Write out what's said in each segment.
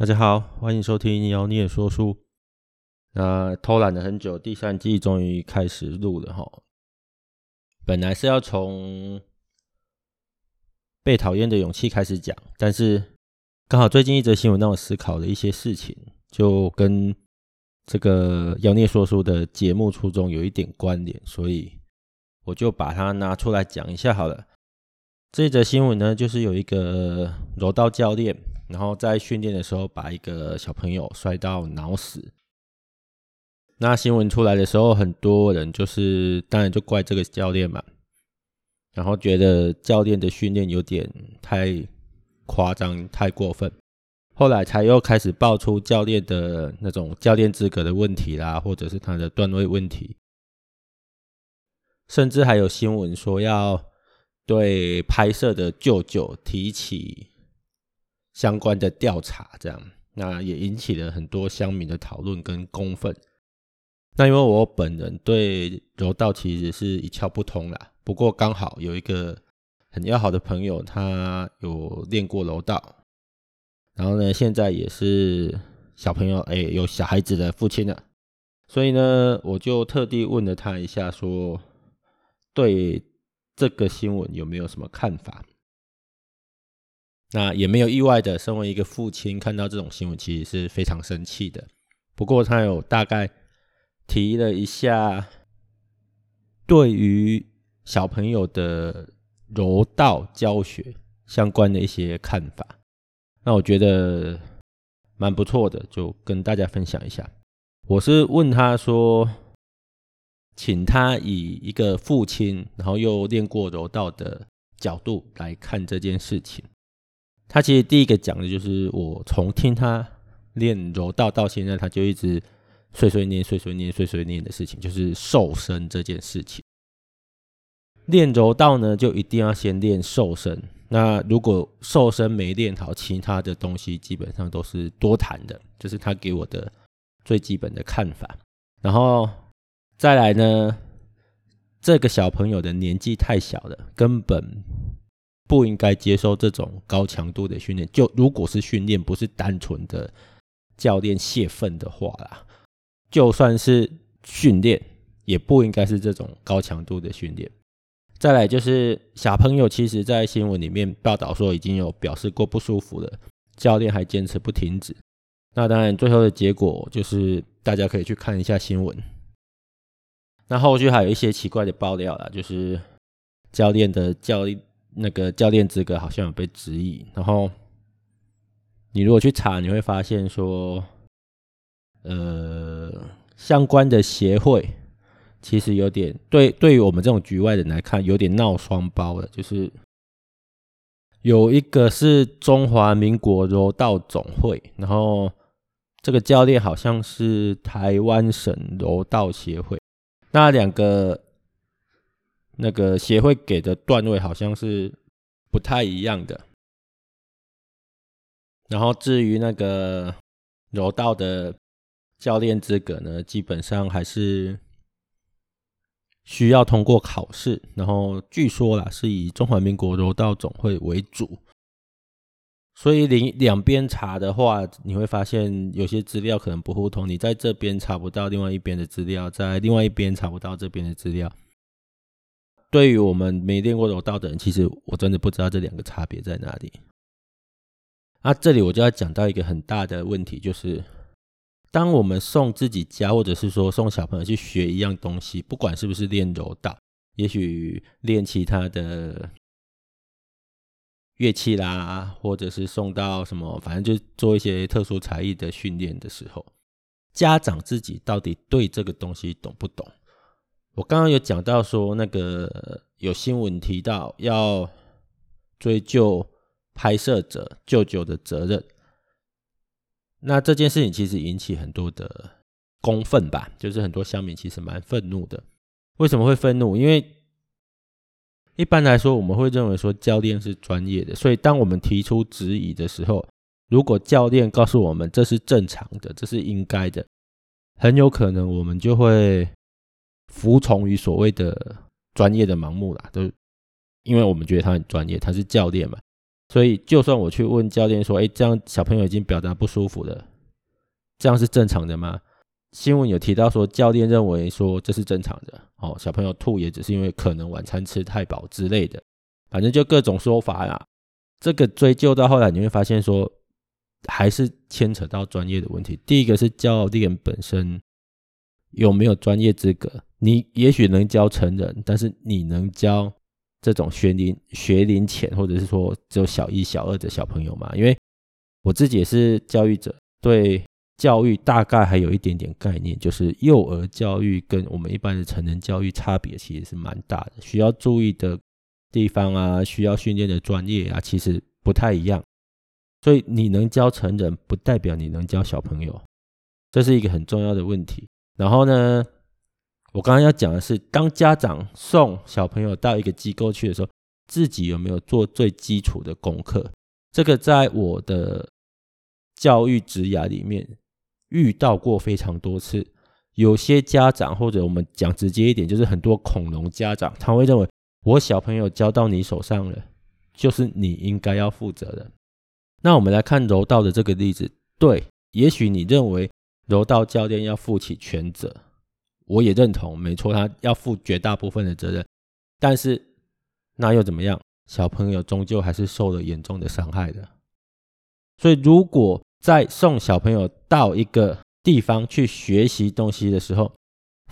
大家好，歡迎收聽《妖孽說書》呃。那偷懶了很久，第三季終於開始錄了吼。本來是要從被討厭的勇氣開始講，但是剛好最近一則新聞讓我思考了一些事情，就跟這個《妖孽說書》的節目初衷有一點關聯，所以我就把它拿出來講一下好了。這一則新聞呢，就是有一個柔道教練。然後在訓練的時候，把一個小朋友摔到腦死。那新聞出來的時候，很多人就是當然就怪這個教練嘛，然後覺得教練的訓練有點太誇張、太過分。後來才又開始爆出教練的那種教練資格的問題啦，或者是他的段位問題，甚至還有新聞說要對拍攝的舅舅提起相關的調查，這樣。那也引起了很多鄉民的討論跟公憤。那因為我本人對柔道其實是一竅不通啦，不過剛好有一個很要好的朋友，他有練過柔道，然後呢，現在也是小朋友哎，有小孩子的父親了，所以呢，我就特地問了他一下說，對這個新聞有沒有什麼看法？那也沒有意外的，身為一個父親，看到這種新聞其實是非常生氣的。不過他有大概提了一下對於小朋友的柔道教學相關的一些看法，那我覺得蠻不錯的，就跟大家分享一下。我是問他說，請他以一個父親，然後又練過柔道的角度來看這件事情。他其實第一個講的就是我從聽他練柔道到現在，他就一直碎碎念、碎碎念、碎碎念的事情，就是受身這件事情。練柔道呢，就一定要先練受身。那如果受身沒練好，其他的東西基本上都是多談的，就是他給我的最基本的看法。然後再來呢，這個小朋友的年紀太小了，根本。不應該接受這種高強度的訓練。就如果是訓練，不是單純的教練洩憤的話啦，就算是訓練，也不應該是這種高強度的訓練。再來就是小朋友，其實，在新聞裡面報道說已經有表示過不舒服了，教練還堅持不停止。那當然，最後的結果就是大家可以去看一下新聞。那後續還有一些奇怪的爆料啦，就是教練的教練。那個教練資格好像有被質疑，然後你如果去查，你會發現說，呃，相關的協會其實有點，對，對於我們這種局外人來看有點鬧雙包的，就是有一個是中華民國柔道總會，然後這個教練好像是台灣省柔道協會，那兩個。那個協會給的段位好像是不太一樣的。然後至於那個柔道的教練資格呢，基本上還是需要通過考試。然後據說啦，是以中華民國柔道總會為主。所以兩兩邊查的話，你會發現有些資料可能不互通，你在這邊查不到另外一邊的資料，在另外一邊查不到這邊的資料。對於我們沒練過柔道的人，其實我真的不知道這兩個差別在哪裡。啊，這裡我就要講到一個很大的問題，就是當我們送自己家或者是說送小朋友去學一樣東西，不管是不是練柔道，也許練其他的樂器啦，或者是送到什麼，反正就做一些特殊才藝的訓練的時候，家長自己到底對這個東西懂不懂？我剛剛有講到說，那個有新聞提到要追究拍攝者舅舅的責任，那這件事情其實引起很多的公憤吧，就是很多鄉民其實蠻憤怒的。為什麼會憤怒？因為一般來說我們會認為說教練是專業的，所以當我們提出質疑的時候，如果教練告訴我們這是正常的，這是應該的，很有可能我們就會。服從於所謂的專業的盲目啦，都因為我們覺得他很專業，他是教練嘛，所以就算我去問教練說，哎，這樣小朋友已經表達不舒服了，這樣是正常的嗎？新聞有提到說，教練認為說，這是正常的，哦，小朋友吐也只是因為可能晚餐吃太飽之類的，反正就各種說法啦。這個追究到後來，你會發現說，還是牽扯到專業的問題。第一個是教練本身，有沒有專業資格？你也許能教成人，但是你能教這種學齡學齡前，或者是說只有小一、小二的小朋友嗎？因為我自己也是教育者，對教育大概還有一點點概念，就是幼兒教育跟我們一般的成人教育差別其實是蠻大的，需要注意的地方啊，需要訓練的專業啊，其實不太一樣。所以你能教成人，不代表你能教小朋友，這是一個很重要的問題。然後呢，我剛剛要講的是，當家長送小朋友到一個機構去的時候，自己有沒有做最基礎的功課？這個在我的教育職涯裡面遇到過非常多次。有些家長，或者我們講直接一點，就是很多恐龍家長，他會認為我小朋友交到你手上了，就是你應該要負責的。那我們來看柔道的這個例子，對，也許你認為。柔道教練要負起全責，我也認同，沒錯，他要負絕大部分的責任。但是那又怎麼樣？小朋友終究還是受了嚴重的傷害的。所以，如果在送小朋友到一個地方去學習東西的時候，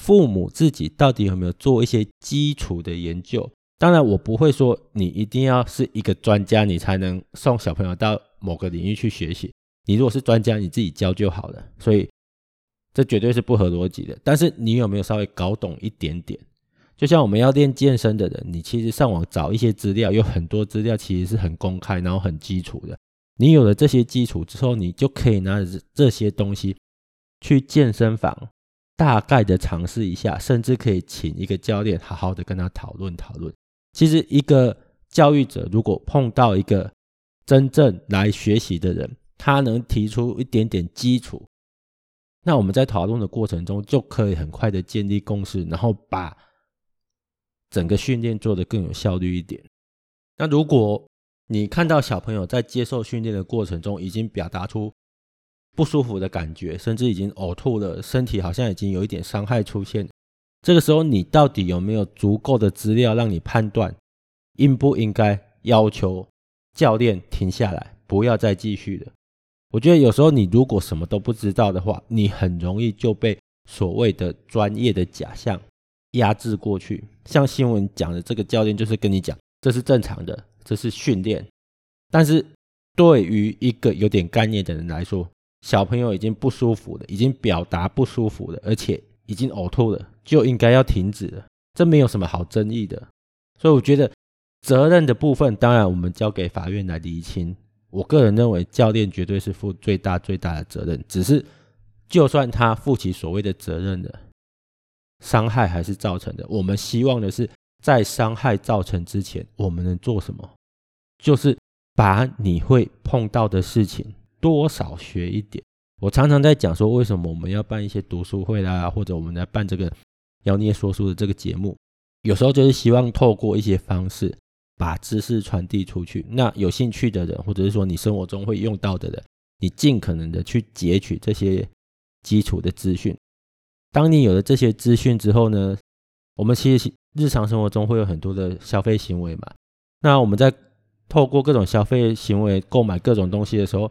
父母自己到底有沒有做一些基礎的研究？當然，我不會說你一定要是一個專家，你才能送小朋友到某個領域去學習。你如果是專家，你自己教就好了。所以。這絕對是不合邏輯的，但是你有沒有稍微搞懂一點點？就像我們要練健身的人，你其實上網找一些資料，有很多資料其實是很公開，然後很基礎的。你有了這些基礎之後，你就可以拿着這些東西去健身房，大概的嘗試一下，甚至可以請一個教練好好的跟他討論討論。其實一個教育者如果碰到一個真正來學習的人，他能提出一點點基礎。那我們在討論的過程中，就可以很快的建立共識，然後把整個訓練做得更有效率一點。那如果你看到小朋友在接受訓練的過程中，已經表達出不舒服的感覺，甚至已經嘔吐了，身體好像已經有一點傷害出現，這個時候你到底有沒有足夠的資料讓你判斷，應不應該要求教練停下來，不要再繼續了？我覺得有時候你如果什麼都不知道的話，你很容易就被所謂的專業的假象壓制過去。像新聞講的這個教練就是跟你講，這是正常的，這是訓練。但是對於一個有點概念的人來說，小朋友已經不舒服了，已經表達不舒服了，而且已經嘔吐了，就應該要停止了。這沒有什麼好爭議的。所以我覺得責任的部分，當然我們交給法院來釐清。我個人認為，教練絕對是負最大最大的責任。只是，就算他負起所謂的責任了，傷害還是造成的。我們希望的是，在傷害造成之前，我們能做什麼？就是把你會碰到的事情多少學一點。我常常在講說，為什麼我們要辦一些讀書會啊，或者我們來辦這個妖孽說書的這個節目，有時候就是希望透過一些方式。把知識傳遞出去，那有興趣的人，或者是說你生活中會用到的人，你盡可能的去截取這些基礎的資訊。當你有了這些資訊之後呢，我們其實日常生活中會有很多的消費行為嘛。那我們在透過各種消費行為購買各種東西的時候，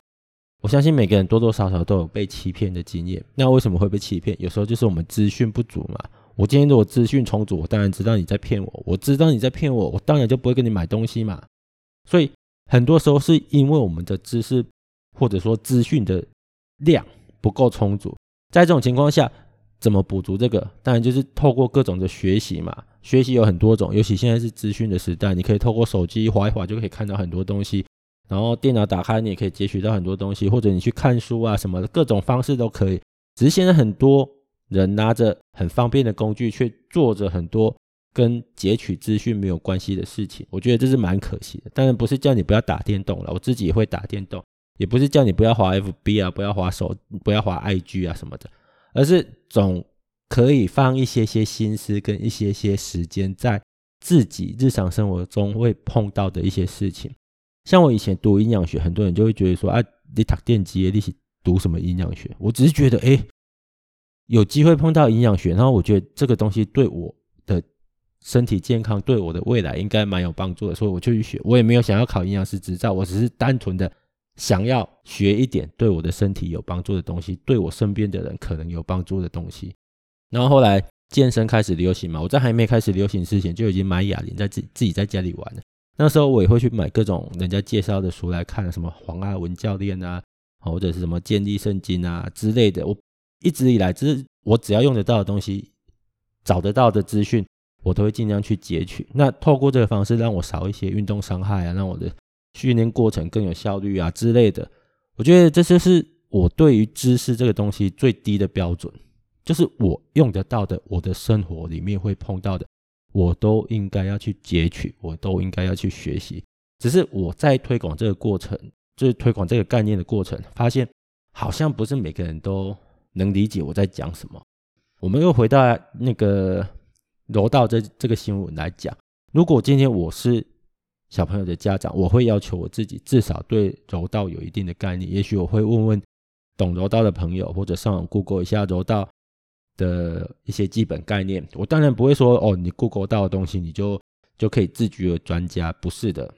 我相信每個人多多少少都有被欺騙的經驗。那為什麼會被欺騙？有時候就是我們資訊不足嘛。我今天如果資訊充足，我當然知道你在騙我。我知道你在騙我，我當然就不會跟你買東西嘛。所以很多時候是因為我們的知識或者說資訊的量不夠充足。在這種情況下，怎麼補足這個？當然就是透過各種的學習嘛。學習有很多種，尤其現在是資訊的時代，你可以透過手機滑一滑就可以看到很多東西，然後電腦打開你也可以截取到很多東西，或者你去看書啊什麼的各種方式都可以。只是現在很多。人拿着很方便的工具，卻做着很多跟截取資訊沒有關係的事情，我覺得這是蠻可惜的。當然不是叫你不要打電動了，我自己也會打電動，也不是叫你不要滑 FB 啊，不要滑手，不要滑 IG 啊什麼的，而是總可以放一些些心思跟一些些時間在自己日常生活中會碰到的一些事情。像我以前讀營養學，很多人就會覺得說啊，你打電機，你是讀什麼營養學？我只是覺得誒。有機會碰到營養學，然後我覺得這個東西對我的身體健康、對我的未來應該蠻有幫助的，所以我就去學。我也沒有想要考營養師執照，我只是單純的想要學一點對我的身體有幫助的東西，對我身邊的人可能有幫助的東西。然後後來健身開始流行嘛，我在還沒開始流行之前就已經買啞鈴，在自己自己在家裡玩了。那時候我也會去買各種人家介紹的書來看，什麼黃阿文教練啊，或者是什麼健力聖經啊之類的。我。一直以來，就是我只要用得到的東西，找得到的資訊，我都會盡量去截取。那透過這個方式，讓我少一些運動傷害啊，讓我的訓練過程更有效率啊之類的。我覺得這就是我對於知識這個東西最低的標準，就是我用得到的，我的生活裡面會碰到的，我都應該要去截取，我都應該要去學習。只是我在推廣這個過程，就是推廣這個概念的過程，發現好像不是每個人都。能理解我在講什麼。我們又回到那個柔道這這個新聞來講，如果今天我是小朋友的家長，我會要求我自己至少對柔道有一定的概念。也許我會問問懂柔道的朋友，或者上網 Google 一下柔道的一些基本概念。我當然不會說哦，你 Google 到的東西你就就可以自居為專家，不是的。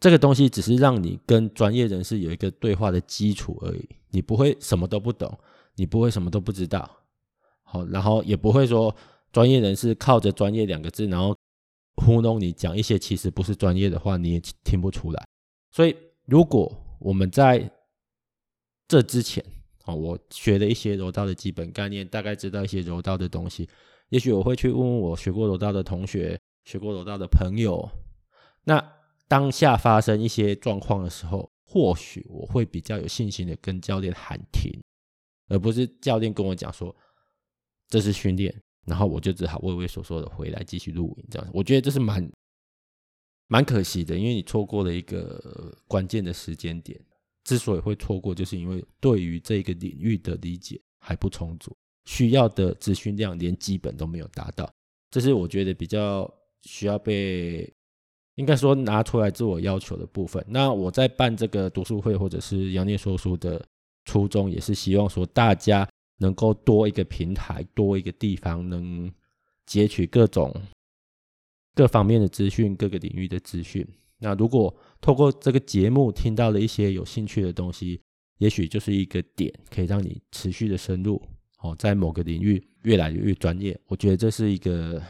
這個東西只是讓你跟專業人士有一個對話的基礎而已，你不會什麼都不懂。你不會什麼都不知道，好，然後，也不會說專業人士靠着“專業”兩個字，然後糊弄你，講一些其實不是專業的話，你也聽不出來。所以，如果我們在這之前，啊，我學了一些柔道的基本概念，大概知道一些柔道的東西，也許我會去問問我學過柔道的同學、學過柔道的朋友。那當下發生一些狀況的時候，或許我會比較有信心的跟教練喊停。而不是教練跟我講說，這是訓練，然後我就只好畏畏縮縮的回來繼續錄影這樣。我覺得這是蠻蠻可惜的，因為你錯過了一個關鍵的時間點。之所以會錯過，就是因為對於這個領域的理解還不充足，需要的資訊量連基本都沒有達到。這是我覺得比較需要被應該說拿出來自我要求的部分。那我在辦這個讀書會或者是妖孽說書的。初衷也是希望說，大家能夠多一個平台，多一個地方，能截取各種各方面的資訊，各個領域的資訊。那如果透過這個節目聽到了一些有興趣的東西，也許就是一個點，可以讓你持續的深入，哦，在某個領域越來越專業。我覺得這是一個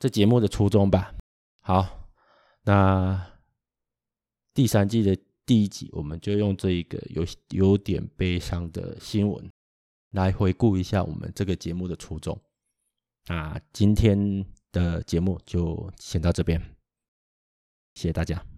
這節目的初衷吧。好，那第三季的。第一集，我們就用這一個有有點悲傷的新聞，來回顧一下我們這個節目的初衷。那今天的節目就先到這邊，謝謝大家。